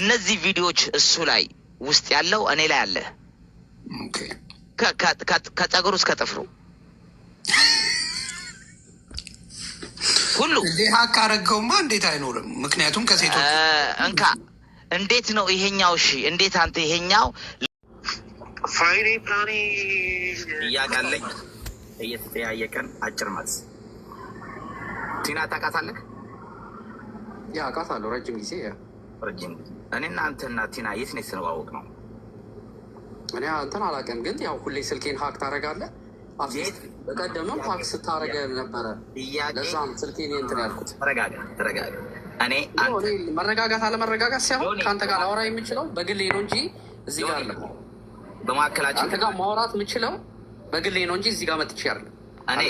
እነዚህ ቪዲዮዎች እሱ ላይ ውስጥ ያለው እኔ ላይ አለ ከጸጉሩ እስከ ጥፍሩ ሁሉ ሀቅ አረገውማ እንዴት አይኖርም? ምክንያቱም ከሴቶች እንካ እንዴት ነው ይሄኛው? እሺ እንዴት አንተ ይሄኛው ፋይሬ ፕላኒ እያቃለኝ እየተጠያየቀን አጭር መልስ ቲና ታውቃታለህ? ያ አውቃታለሁ። ረጅም ጊዜ ረጅም ጊዜ እኔና አንተና ቲና የት ነው የተነዋወቅ ነው? እኔ አንተን አላውቅም፣ ግን ያው ሁሌ ስልኬን ሀክ ታደርጋለህ። በቀደምም ሀክ ስታደርግ ነበረ። ለዛም ስልኬን እንትን ያልኩት። ተረጋጋ፣ ተረጋጋ። እኔ መረጋጋት አለመረጋጋት ሳይሆን ከአንተ ጋር አወራ የምችለው በግሌ ነው እንጂ እዚህ ጋር አለ። በመካከላችን አንተ ጋር ማውራት የምችለው በግሌ ነው እንጂ እዚህ ጋር መጥቼ አለ። እኔ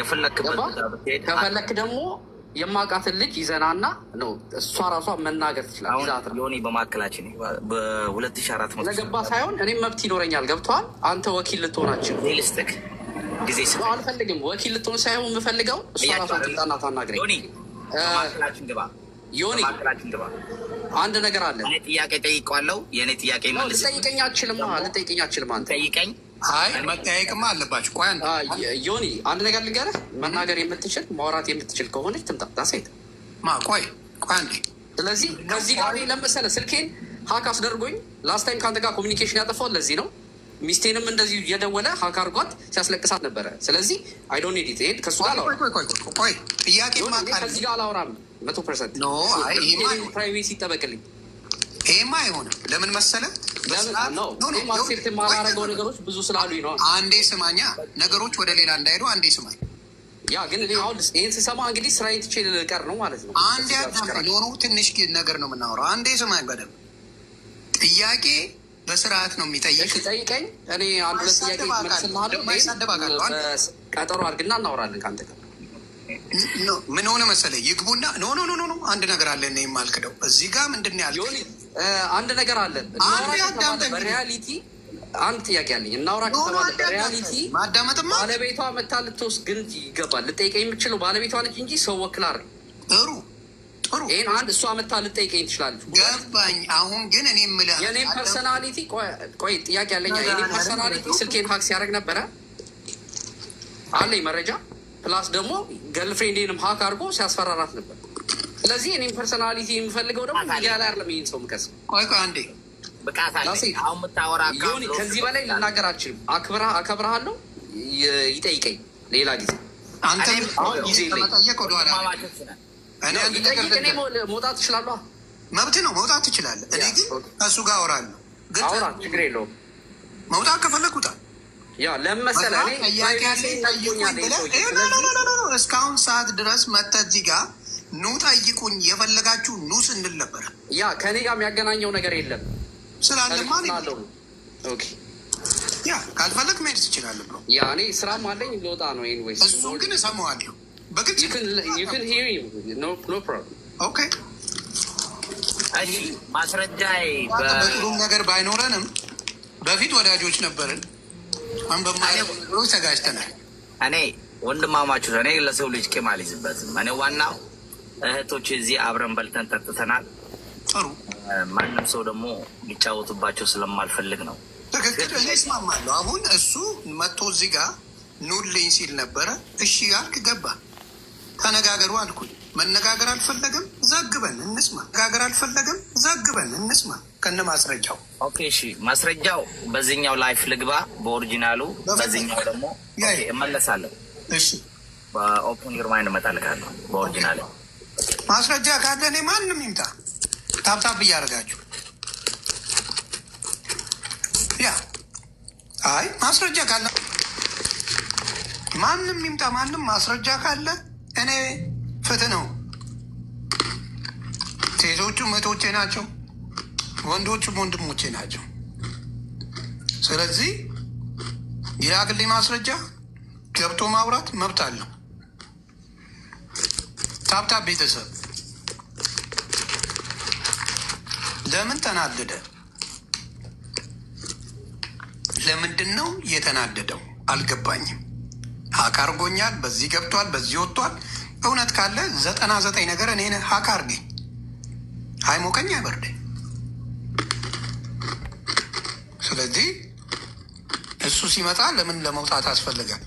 የፈለክበት ከፈለክ ደግሞ የማውቃትን ልጅ ይዘና ና ነው እሷ ራሷ መናገር ትችላለች። ሆኔ በማዕከላችን በሁለት ሺህ አራት መቶ ለገባ ሳይሆን እኔም መብት ይኖረኛል። ገብተዋል። አንተ ወኪል ልትሆናችን ልስጥክ ጊዜ አልፈልግም። ወኪል ልትሆን ሳይሆን የምፈልገው እሷ ራሷ ትምጣና ታናግረኝ። ዮኒ አንድ ነገር አለ። ጥያቄ ጠይቀዋለሁ። የእኔ ጥያቄ ልጠይቀኝ አችልም ልጠይቀኝ አችልም አንተ ጠይቀኝ አይ መጠያየቅማ አለባቸው። ቆይ ዮኒ፣ አንድ ነገር ልንገርህ፣ መናገር የምትችል ማውራት የምትችል ከሆነች ትምጣጣ ሴት ማ ቆይ ቆይ አንዴ። ስለዚህ ከዚህ ጋር ለመሰለ ስልኬን ሀክ አስደርጎኝ ላስት ታይም ከአንተ ጋር ኮሚኒኬሽን ያጠፋው ለዚህ ነው። ሚስቴንም እንደዚህ እየደወለ ሀክ አድርጓት ሲያስለቅሳት ነበረ። ስለዚህ አይ ዶንት ኒድ ኢት ከሱ ጋር ጥያቄ ከዚህ ጋር አላወራም መቶ ፐርሰንት ፕራይቬሲ ይጠበቅልኝ። ይሄማ አይሆንም። ለምን መሰለ ነገሮች ብዙ ስላሉኝ ነው። አንዴ ስማኛ፣ ነገሮች ወደ ሌላ እንዳይሄዱ አንዴ ስማኝ። ያ ግን አሁን ይህን ስሰማ እንግዲህ ስራ የትቼ ልቀር ነው ማለት ነው። አንዴ አዳምጥ። ኖሮ ትንሽ ነገር ነው የምናወራው። አንዴ ስማኝ በደምብ ጥያቄ በስርዓት ነው የሚጠይቅ። ጠይቀኝ። እኔ አንድ ሁለት ጥያቄ መልስልሃለሁ። ቀጠሮ አድርግና እናወራለን ከአንተ ጋር ምን ሆነ መሰለ ይግቡና ኖ ኖ ኖ ኖ አንድ ነገር አለ የማልክደው እዚህ ጋር ምንድን ነው አንድ ነገር አለን። በሪያሊቲ አንድ ጥያቄ አለኝ። እናውራ ከተባለ በሪያሊቲ ባለቤቷ መታ ልትወስድ ግን ይገባል። ልጠይቀኝ የምችለው ባለቤቷ ነች እንጂ ሰው ወክላ አይደል? ጥሩ ጥሩ። ይህን አንድ እሷ መታ ልጠይቀኝ ትችላለች። ገባኝ። አሁን ግን እኔ የምልህ የኔ ፐርሰናሊቲ፣ ቆይ ጥያቄ አለኝ። የኔ ፐርሰናሊቲ ስልኬን ሀክ ሲያደርግ ነበረ አለኝ መረጃ። ፕላስ ደግሞ ገልፍሬንዴንም ሀክ አድርጎ ሲያስፈራራት ነበር። ስለዚህ እኔም ፐርሶናሊቲ የሚፈልገው ደግሞ ሚዲያ ላይ አይደለም። ይህን ሰው ምቀስ ቆይ ቆይ አንዴ ብቃት ከዚህ በላይ ልናገር አልችልም። አከብረሃለሁ። ይጠይቀኝ ሌላ ጊዜ አንተ አሁን ጊዜ መውጣት ትችላለህ፣ መብት ነው መውጣት ትችላለ። እኔ ግን ከእሱ ጋር አወራለሁ። አውራ፣ ችግር የለውም። መውጣት ከፈለግ ውጣ። ያ ለመሰለ መሰለህ እኔ እስካሁን ሰዓት ድረስ መተህ እዚህ ጋር ኑ ጠይቁኝ የፈለጋችሁ ኑ ስንል ነበር። ያ ከኔ ጋር የሚያገናኘው ነገር የለም ስላለማ ያ ካልፈለግ መሄድ ትችላለ ብሎ ያ እኔ ስራም አለኝ ልወጣ ነው። ኤኒዌይስ እሱ ግን እሰማዋለሁ በግልጽ ማስረጃ ነገር ባይኖረንም በፊት ወዳጆች ነበርን። አሁን በማያ ተጋጭተናል። እኔ ወንድማማችሁ እኔ ለሰው ልጅ ቂም አልይዝበትም። እኔ ዋናው እህቶች እዚህ አብረን በልተን ጠጥተናል። ጥሩ ማንም ሰው ደግሞ ሊጫወቱባቸው ስለማልፈልግ ነው። ትክክል፣ እኔ እስማማለሁ። አሁን እሱ መጥቶ እዚህ ጋር ኑልኝ ሲል ነበረ። እሺ አልክ፣ ገባ፣ ተነጋገሩ አልኩኝ። መነጋገር አልፈለግም፣ ዘግበን እንስማ። መነጋገር አልፈለግም፣ ዘግበን እንስማ ከነ ማስረጃው። ኦኬ፣ እሺ፣ ማስረጃው በዚህኛው ላይፍ ልግባ በኦሪጂናሉ፣ በዚህኛው ደግሞ እመለሳለሁ። እሺ፣ በኦፕን ግርማይ እንመጣልካለሁ በኦሪጂናሉ ማስረጃ ካለ እኔ ማንም ይምጣ። ታብታብ እያደረጋችሁ ያ አይ ማስረጃ ካለ ማንም ይምጣ። ማንም ማስረጃ ካለ እኔ ፍትህ ነው። ሴቶቹ እህቶቼ ናቸው፣ ወንዶቹም ወንድሞቼ ናቸው። ስለዚህ ይላክልኝ ማስረጃ ገብቶ ማውራት መብት አለው። ታብታብ ቤተሰብ ለምን ተናደደ? ለምንድን ነው የተናደደው? አልገባኝም። ሀክ አድርጎኛል። በዚህ ገብቷል፣ በዚህ ወጥቷል። እውነት ካለ ዘጠና ዘጠኝ ነገር እኔ ሀክ አድርገኝ አይሞቀኝ አይበርደኝ። ስለዚህ እሱ ሲመጣ ለምን ለመውጣት አስፈልጋል?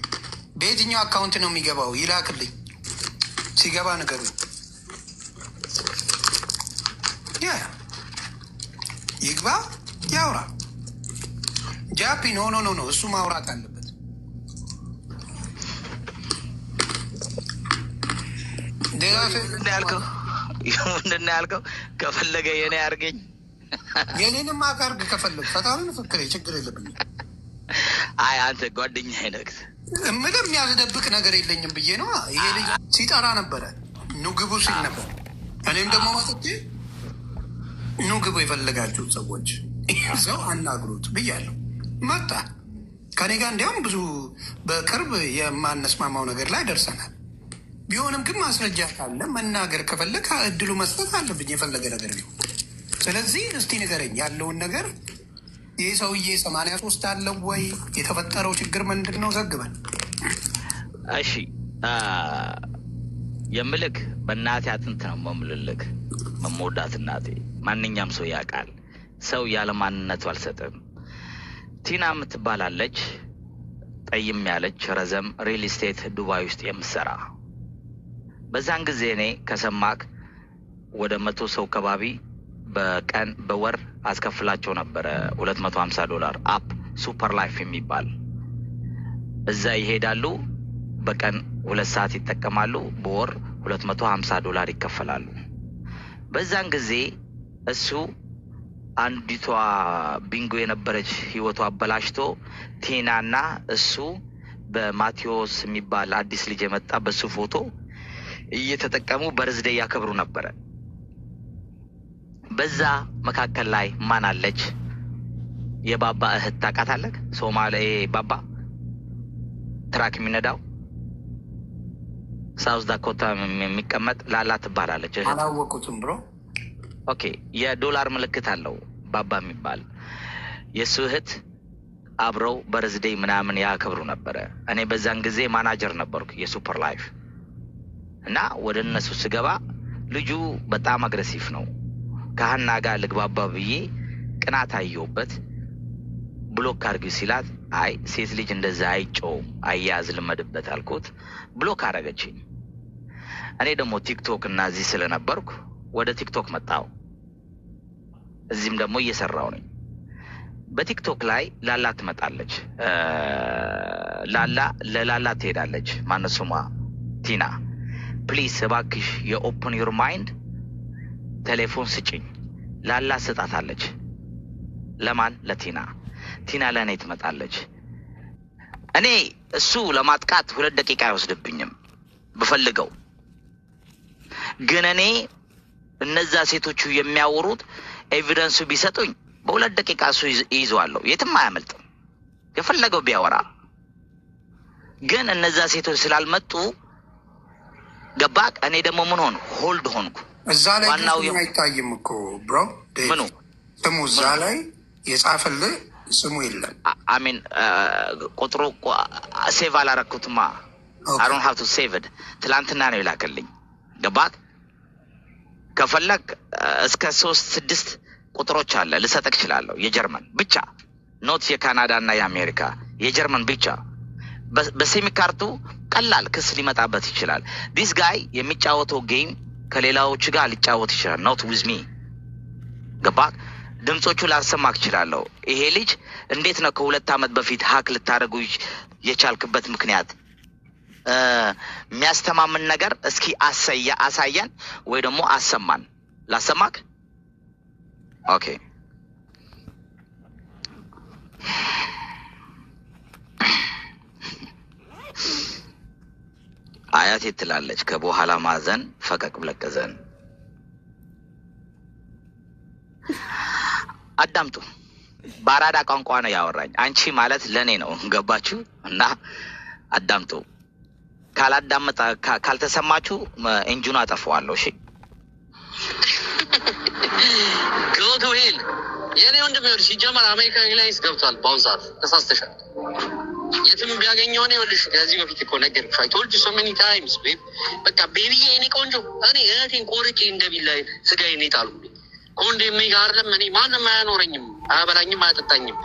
በየትኛው አካውንት ነው የሚገባው? ይላክልኝ። ሲገባ ንገሩ። ይግባ ያውራ። ጃፒ ኖ ኖ ኖ ኖ፣ እሱ ማውራት አለበት። ያልከው ምንድን ነው ያልከው? ከፈለገ የኔ አርገኝ የኔንም አካርግ ከፈለግ ፈታሁን ፍክሬ ችግር የለብኝም። አይ አንተ ጓደኛ ነህ። ምንም የሚያስደብቅ ነገር የለኝም ብዬ ነው። ይሄ ልጅ ሲጠራ ነበረ ኑግቡ ሲል ነበር። እኔም ደግሞ ማጥቼ ኑግቡ የፈለጋችሁት ሰዎች ሰው አናግሩት ብያለሁ። መጣ ከኔ ጋር እንዲያውም ብዙ በቅርብ የማነስማማው ነገር ላይ ደርሰናል። ቢሆንም ግን ማስረጃ ካለ መናገር ከፈለግ እድሉ መስጠት አለብኝ የፈለገ ነገር ቢሆን። ስለዚህ እስቲ ንገረኝ ያለውን ነገር ይህ ሰውዬ ሰማንያ ሶስት አለው ወይ? የተፈጠረው ችግር ምንድን ነው? ዘግበን። እሺ የምልክ በእናቴ አጥንት ነው መምልልክ መሞዳት እናቴ ማንኛም ሰው ያውቃል። ሰው ያለ ማንነቱ አልሰጥም። ቲና የምትባላለች ጠይም ያለች ረዘም ሪል ስቴት ዱባይ ውስጥ የምትሰራ በዛን ጊዜ እኔ ከሰማክ ወደ መቶ ሰው ከባቢ በቀን በወር አስከፍላቸው ነበረ 250 መቶ ዶላር አፕ ሱፐር ላይፍ የሚባል እዛ ይሄዳሉ። በቀን ሁለት ሰዓት ይጠቀማሉ። በወር 250 ዶላር ይከፈላሉ። በዛን ጊዜ እሱ አንዲቷ ቢንጎ የነበረች ህይወቱ አበላሽቶ ቴናና እሱ በማቴዎስ የሚባል አዲስ ልጅ የመጣ በሱ ፎቶ እየተጠቀሙ በርዝደ እያከብሩ ነበረ። በዛ መካከል ላይ ማን አለች? የባባ እህት ታውቃታለህ? ሶማሌ ባባ ትራክ የሚነዳው ሳውዝ ዳኮታ የሚቀመጥ ላላ ትባላለች። አላወቁትም ብሎ ኦኬ። የዶላር ምልክት አለው ባባ የሚባል የእሱ እህት አብረው በርዝዴይ ምናምን ያከብሩ ነበረ። እኔ በዛን ጊዜ ማናጀር ነበርኩ የሱፐር ላይፍ እና ወደ እነሱ ስገባ ልጁ በጣም አግረሲቭ ነው። ከሀና ጋር ልግባባ ብዬ ቅናት አየሁበት ብሎክ አድርጊ ሲላት አይ ሴት ልጅ እንደዛ አይጮው አያያዝ ልመድበት አልኩት። ብሎክ አረገችኝ። እኔ ደግሞ ቲክቶክ እና እዚህ ስለነበርኩ ወደ ቲክቶክ መጣው። እዚህም ደግሞ እየሰራው ነኝ። በቲክቶክ ላይ ላላ ትመጣለች። ላላ ለላላ ትሄዳለች። ማነሱማ ቲና ፕሊስ እባክሽ የኦፕን ዩር ማይንድ ቴሌፎን ስጭኝ ላላ ስጣታለች። ለማን? ለቲና። ቲና ለእኔ ትመጣለች። እኔ እሱ ለማጥቃት ሁለት ደቂቃ አይወስድብኝም ብፈልገው። ግን እኔ እነዛ ሴቶቹ የሚያወሩት ኤቪደንሱ ቢሰጡኝ በሁለት ደቂቃ እሱ ይይዘዋለሁ፣ የትም አያመልጥም። የፈለገው ቢያወራ ግን እነዛ ሴቶች ስላልመጡ ገባቅ። እኔ ደግሞ ምን ሆን ሆልድ ሆንኩ። እዛ ላይ አይታይም እኮ ብሮ ምኑ ስሙ እዛ ላይ የጻፈልህ ስሙ የለም። አሚን ቁጥሩ ሴቭ አላረኩትማ። አሮን ሀብቱ ሴቭድ ትላንትና ነው የላከልኝ። ገባት ከፈለግ እስከ ሶስት ስድስት ቁጥሮች አለ ልሰጠቅ እችላለሁ። የጀርመን ብቻ ኖት የካናዳ እና የአሜሪካ የጀርመን ብቻ በሴሚካርቱ ቀላል ክስ ሊመጣበት ይችላል። ዲስ ጋይ የሚጫወተው ጌም ከሌላዎች ጋር ሊጫወት ይችላል። ኖት ዊዝ ሚ ገባክ? ድምፆቹ ላሰማክ እችላለሁ። ይሄ ልጅ እንዴት ነው ከሁለት ዓመት በፊት ሀክ ልታደርጉ የቻልክበት ምክንያት? የሚያስተማምን ነገር እስኪ አሳየን ወይ ደግሞ አሰማን። ላሰማክ ኦኬ አያቴ ትላለች ከበኋላ ማዘን ፈቀቅ ብለቀዘን አዳምጡ። በአራዳ ቋንቋ ነው ያወራኝ። አንቺ ማለት ለእኔ ነው ገባችሁ? እና አዳምጡ። ካላዳመጣ ካልተሰማችሁ እንጁን አጠፋዋለሁ። እሺ ጎቱ ሂል የእኔ ወንድም ሲጀመር አሜሪካ ላይስ ገብቷል። በአሁን ሰዓት ተሳስተሻል። የትም ቢያገኘ ሆነ ይኸውልሽ ከዚህ በፊት እኮ ነገርኩሽ። አይ ቶልድ ሶ ሜኒ ታይምስ ቤብ በቃ ቤቢዬ፣ የኔ ቆንጆ፣ እኔ እህቴን ቆርጬ እንደ ስጋ ስጋዬን ይጣሉ ከወንድሜ ጋር አይደለም። እኔ ማንም አያኖረኝም፣ አያበላኝም፣ አያጠጣኝም።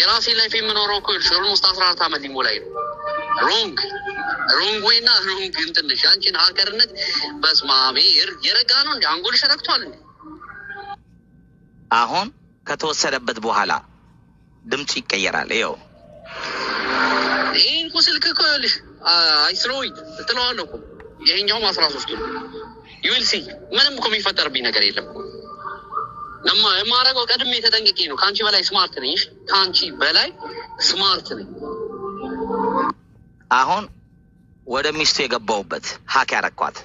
የራሴ ላይፍ የምኖረው እኮ ይኸውልሽ ኦልሞስት አስራ አራት ዓመት ሊሞላኝ ነው። ሮንግ ሮንግ ወይ እና ሮንግ እንትንሽ አንቺን ሀገርነት በስማሜ የረጋ ነው እንዲ አንጎልሽ ረግቷል እንዲ አሁን ከተወሰደበት በኋላ ድምፁ ይቀየራል ይኸው ይሄ እንኮ ስልክ እኮ ይኸውልሽ አይስሮይድ እጥለዋለሁ እኮ ይሄኛውም አስራ ሶስቱ ዩልሲ ምንም እኮ የሚፈጠርብኝ ነገር የለም። የማረገው ቀድሜ ተጠንቅቄ ነው። ከአንቺ በላይ ስማርት ነኝ። ከአንቺ በላይ ስማርት ነኝ። አሁን ወደ ሚስቱ የገባውበት ሀክ ያረኳት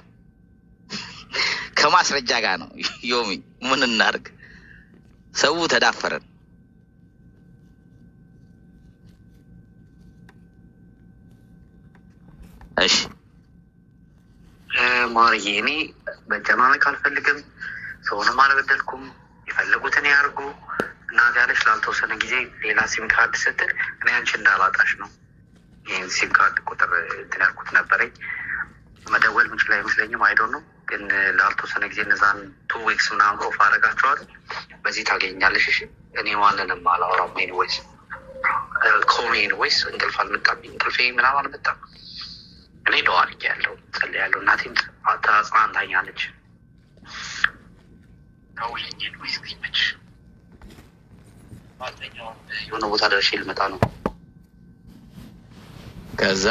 ከማስረጃ ጋር ነው። ዮሚ ምን እናርግ? ሰው ተዳፈረን። እሺ ማርዬ፣ እኔ መጨናነቅ አልፈልግም። ሰውንም አልበደልኩም። የፈለጉትን ያርጉ። እናት ያለች ላልተወሰነ ጊዜ ሌላ ሲም ካርድ ስትል እኔ አንቺ እንዳላጣሽ ነው ይህን ሲም ካርድ ቁጥር እንትን ያልኩት ነበረኝ። መደወል ላይ አይመስለኝም። አይዶ ነው ግን ላልተወሰነ ጊዜ እነዛን ቱ ዊክስ ምናምን ኦፍ አደርጋቸዋል። በዚህ ታገኛለሽ። እሺ እኔ ማንንም አላወራም። ሜን ወይስ ኮሜን ወይስ እንቅልፍ አልመጣም። እንቅልፌ ምናምን አልመጣም። እኔ ያለው ጸል ያለው እናቴም ተጽናንታኛለች። ደውይልኝ ወይስ ዜመች ማለኛው የሆነ ቦታ ደርሼ ልመጣ ነው። ከዛ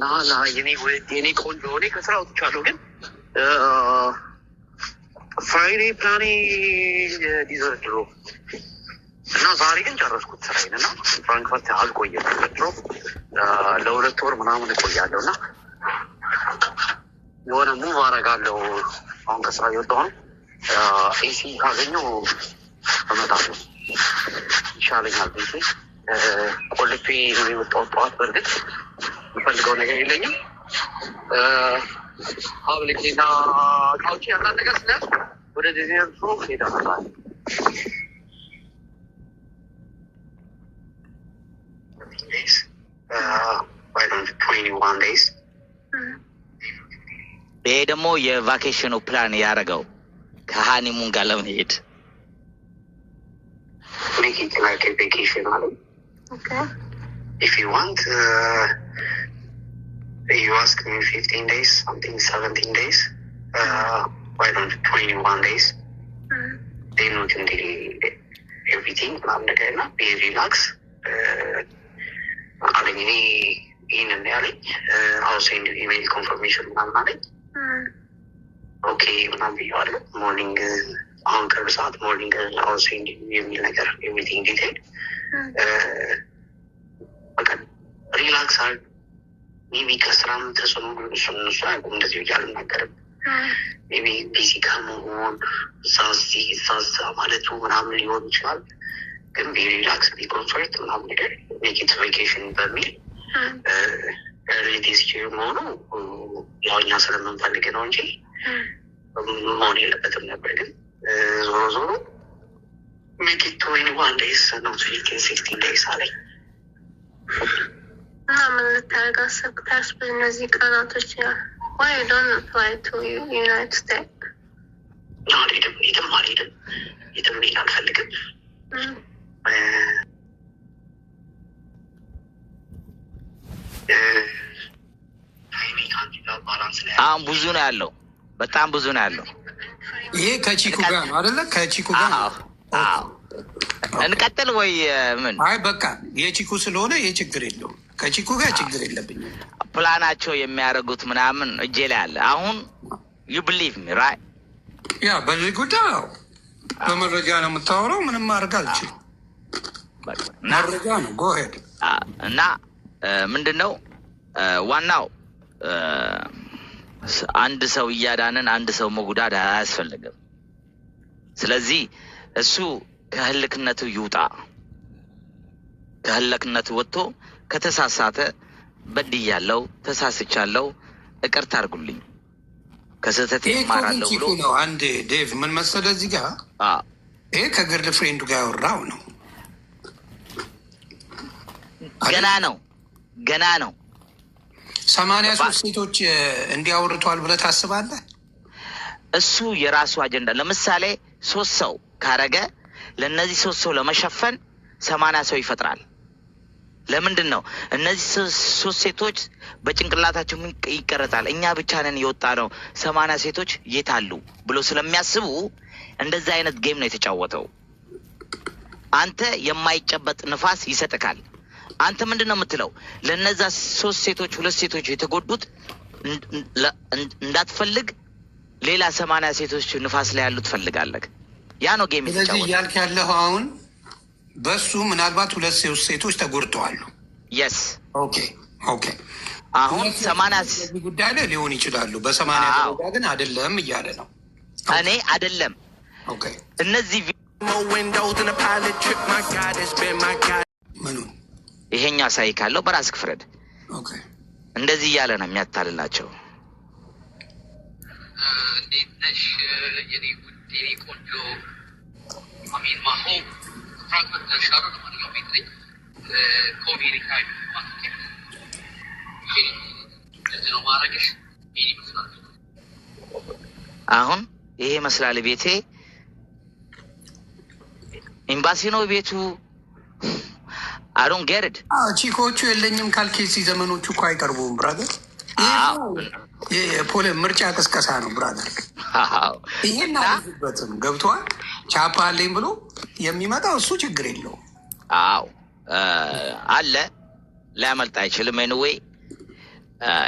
ና ና የኔ ቆንጆ እኔ ከስራ ወጥቻለሁ፣ ግን ፍራይዴ ፕላኔ ዲዘርድሮ እና ዛሬ ግን ጨረስኩት ስራዬን እና ፍራንክፈርት አልቆየም። ወትሮ ለሁለት ወር ምናምን እቆያለሁ እና የሆነ ሙቭ አደርጋለሁ። አሁን ከስራ እየወጣሁ ነው። ኤሲ ካገኘሁ እመጣለሁ ይሻለኛል። ቤ ቆልፌ ነው የወጣው ጠዋት። በእርግጥ የምፈልገው ነገር የለኝም። ሀብልቄና ቃውጭ ያላት ነገር ስለ ወደ ዲዜር ሄዳ days, uh, right on the 21 days. Mm-hmm. Beda mo ye vacation plan yarago. Kahani mung galaw ni it. Make it like a vacation Okay. If you want, uh, you ask me 15 days, something 17 days, uh, right on the 21 days. Mm-hmm. Then we can do everything, but I'm uh, not gonna be relaxed. Uh, አለኝ። እኔ ይህንን ያለኝ ሀውስ ኢሜል ኮንፎርሜሽን ምናምን አለኝ። ኦኬ ምናምን ብየዋለሁ። ሞርኒንግ አሁን ቅርብ ሰዓት ሞርኒንግ ሀውስ የሚል ነገር የሚቲንግ ዲቴል በቃ ሪላክስ አር ሜቢ ከስራም ተጽዕኖ እሱ እሱ አያውቁም። እንደዚህ ብዬ አልናገርም። ሜቢ ቢዚ ከመሆን እዛ እዚህ ማለቱ ምናምን ሊሆን ይችላል። ግን ሪላክስ ቢኮንሰርት ምናምን ነገር ሜኪት ቬኬሽን በሚል ሪሊቲስ መሆኑ ያው ስለምንፈልግ ነው እንጂ መሆን የለበትም ነበር። ግን ዞሮ ዞሮ ሜኪት ወይ ዋን ደይስ ነው ሲክስቲን ደይስ አለኝ ምን ልታደርግ አሰብክ? ታስ በእነዚህ ቀናቶች ዋይ ዶን አፕላይ ቱ ዩናይትድ ስቴትስ አልሄድም፣ የትም አልሄድም፣ የትም ሄድ አልፈልግም። አሁን ብዙ ነው ያለው፣ በጣም ብዙ ነው ያለው። ይሄ ከቺኩ ጋር ነው አደለ? ከቺኩ ጋር ነው። እንቀጥል ወይ ምን? አይ በቃ የቺኩ ስለሆነ ይሄ ችግር የለው። ከቺኩ ጋር ችግር የለብኝ። ፕላናቸው የሚያደርጉት ምናምን እጄ ላይ አለ። አሁን ዩ ብሊቭ ሚ ራይ ያ በዚህ ጉዳይ በመረጃ ነው የምታወራው። ምንም አድርግ አልችልም። መረጃ ነው ጎሄድ እና ምንድን ነው ዋናው አንድ ሰው እያዳንን አንድ ሰው መጉዳት አያስፈልግም። ስለዚህ እሱ ከህልክነቱ ይውጣ። ከህልክነቱ ወጥቶ ከተሳሳተ በድያለው፣ ተሳስቻለው፣ ይቅርታ አድርጉልኝ፣ ከስህተት ይማራለሁ ብሎ ነው። አንድ ዴቭ ምን መሰለ እዚህ ጋር ይህ ከገርል ፍሬንዱ ጋር ያወራው ነው ገና ነው ገና ነው። ሰማንያ ሶስት ሴቶች እንዲያወርቷል ብለህ ታስባለህ? እሱ የራሱ አጀንዳ። ለምሳሌ ሶስት ሰው ካረገ ለእነዚህ ሶስት ሰው ለመሸፈን ሰማንያ ሰው ይፈጥራል። ለምንድን ነው እነዚህ ሶስት ሴቶች በጭንቅላታቸው ይቀረጻል። እኛ ብቻ ነን የወጣ ነው ሰማንያ ሴቶች የት አሉ ብሎ ስለሚያስቡ እንደዚህ አይነት ጌም ነው የተጫወተው። አንተ የማይጨበጥ ንፋስ ይሰጥካል። አንተ ምንድን ነው የምትለው? ለነዛ ሶስት ሴቶች ሁለት ሴቶች የተጎዱት እንዳትፈልግ ሌላ ሰማንያ ሴቶች ንፋስ ላይ ያሉት ትፈልጋለህ። ያ ነው ጌም። ስለዚህ እያልክ ያለሁ አሁን በሱ ምናልባት ሁለት ሶስት ሴቶች ተጎድተዋሉ። የስ ኦኬ ኦኬ። አሁን ሰማንያ ጉዳይ ላይ ሊሆን ይችላሉ። በሰማንያ ግን አይደለም እያለ ነው። እኔ አይደለም እነዚህ ይሄኛ ሳይ ካለው በራስህ ፍረድ። እንደዚህ እያለ ነው የሚያታልላቸው። አሁን ይሄ ይመስላል ቤቴ። ኤምባሲ ነው ቤቱ። አዶን ጌርድ ah, ቺኮቹ የለኝም ካልኬሲ ዘመኖቹ እኮ አይቀርቡም ብራዘር። ah. ፖለ ምርጫ ቅስቀሳ ነው ብራዘር። ይሄን አበትም ገብተዋል። ቻፓ አለኝ ብሎ የሚመጣው እሱ ችግር የለው አዎ አለ ሊያመልጥ አይችልም። ኤንዌይ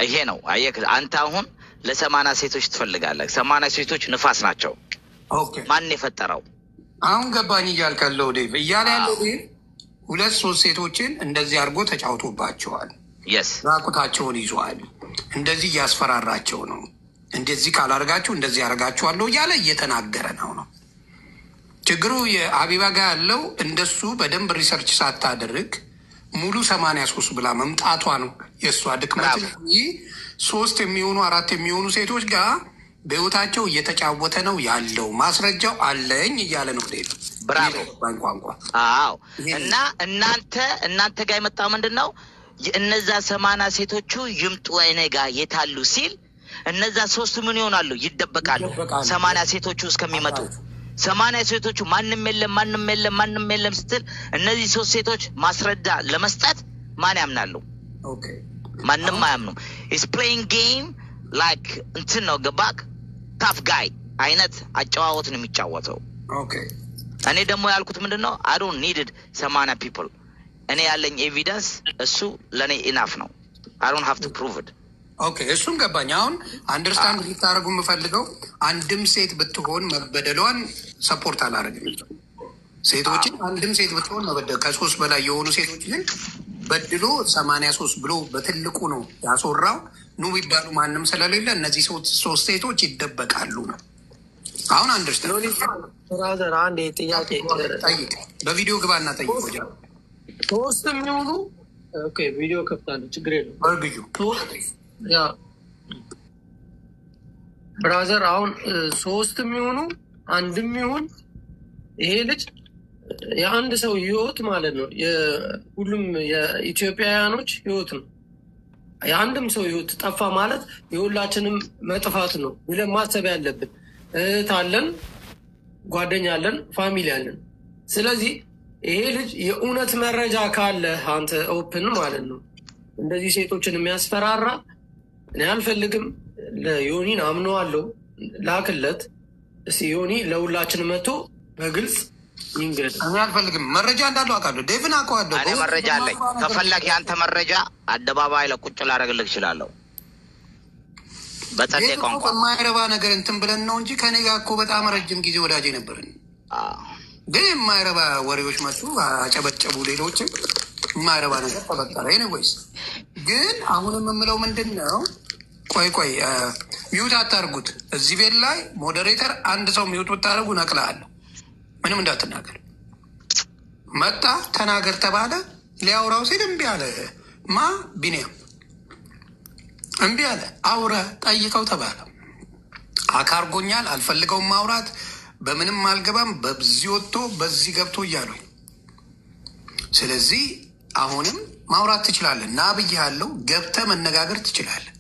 ይሄ ነው አየህ። አንተ አሁን ለሰማና ሴቶች ትፈልጋለህ። ሰማና ሴቶች ንፋስ ናቸው። ማን የፈጠረው አሁን ገባኝ እያልካለው ዴቭ እያለ ያለው ሁለት ሶስት ሴቶችን እንደዚህ አድርጎ ተጫውቶባቸዋል። ራቁታቸውን ይዟል። እንደዚህ እያስፈራራቸው ነው። እንደዚህ ካላደርጋችሁ እንደዚህ ያደርጋችኋለሁ እያለ እየተናገረ ነው ነው ችግሩ የአቢባ ጋር ያለው እንደሱ በደንብ ሪሰርች ሳታደርግ ሙሉ ሰማንያ ሶስት ብላ መምጣቷ ነው የእሷ ድክመት። ሶስት የሚሆኑ አራት የሚሆኑ ሴቶች ጋር በህይወታቸው እየተጫወተ ነው ያለው። ማስረጃው አለኝ እያለ ነው ሌ ብራቮ ቋንቋ። አዎ እና እናንተ እናንተ ጋር የመጣው ምንድን ነው? እነዛ ሰማና ሴቶቹ ይምጡ እኔ ጋር የታሉ ሲል እነዛ ሶስቱ ምን ይሆናሉ? ይደበቃሉ። ሰማና ሴቶቹ እስከሚመጡ ሰማንያ ሴቶቹ ማንም የለም ማንም የለም ማንም የለም ስትል እነዚህ ሶስት ሴቶች ማስረዳ ለመስጠት ማን ያምናሉ? ማንም አያምኑም። ኢስ ፕሌይንግ ጌም ላይክ እንትን ነው ገባክ ታፍ ጋይ አይነት አጨዋወት ነው የሚጫወተው። እኔ ደግሞ ያልኩት ምንድን ነው አዶ ኒድድ ሰማንያ ፒፕል እኔ ያለኝ ኤቪደንስ እሱ ለእኔ ኢናፍ ነው። አዶን ሀቭ ቱ ፕሩቭድ ኦኬ፣ እሱም ገባኝ። አሁን አንደርስታንድ ልታደርጉ የምፈልገው አንድም ሴት ብትሆን መበደሏን ሰፖርት አላደረግም። ሴቶችን አንድም ሴት ብትሆን መበደል ከሶስት በላይ የሆኑ ሴቶች ግን በድሎ 83 ብሎ በትልቁ ነው ያስወራው። ኑ ቢባሉ ማንም ስለሌለ እነዚህ ሶስት ሴቶች ይደበቃሉ ነው። አሁን አንደርስታ በቪዲዮ ብራዘር። አሁን ሶስት የሚሆኑ አንድም ይሁን ይሄ ልጅ የአንድ ሰው ህይወት ማለት ነው። ሁሉም የኢትዮጵያውያኖች ህይወት ነው። የአንድም ሰው ህይወት ጠፋ ማለት የሁላችንም መጥፋት ነው ብለን ማሰብ ያለብን። እህት አለን፣ ጓደኛ አለን፣ ፋሚሊ አለን። ስለዚህ ይሄ ልጅ የእውነት መረጃ ካለ አንተ ኦፕን ማለት ነው እንደዚህ ሴቶችን የሚያስፈራራ እኔ አልፈልግም። ለዮኒን አምነዋለው ላክለት ዮኒ ለሁላችን መጥቶ በግልጽ እኔ አልፈልግም። መረጃ እንዳለው አውቃለሁ። ዴቭን አውቀዋለሁ። እኔ መረጃ አለኝ። ከፈለግ የአንተ መረጃ አደባባይ ለቁጭ ቁጭ ላደርግልህ እችላለሁ። በጸዴ ቋንቋ የማይረባ ነገር እንትን ብለን ነው እንጂ ከኔ ጋር እኮ በጣም ረጅም ጊዜ ወዳጅ ነበርን። ግን የማይረባ ወሬዎች መጡ፣ አጨበጨቡ። ሌሎችም የማይረባ ነገር ተፈጠረ። ወይስ ግን አሁንም የምለው ምንድን ነው? ቆይ ቆይ ሚውት አታርጉት። እዚህ ቤት ላይ ሞዴሬተር አንድ ሰው ሚውት ብታደርጉ ነቅላለሁ። ምንም እንዳትናገር መጣ ተናገር ተባለ። ሊያውራው ሲል እምቢ አለ። ማ ቢኒያም እምቢ አለ። አውረ ጠይቀው ተባለ። አካርጎኛል፣ አልፈልገውም ማውራት፣ በምንም አልገባም፣ በዚህ ወጥቶ በዚህ ገብቶ እያሉኝ ስለዚህ አሁንም ማውራት ትችላለህ። ና ብዬሃለሁ። ገብተህ መነጋገር ትችላለህ።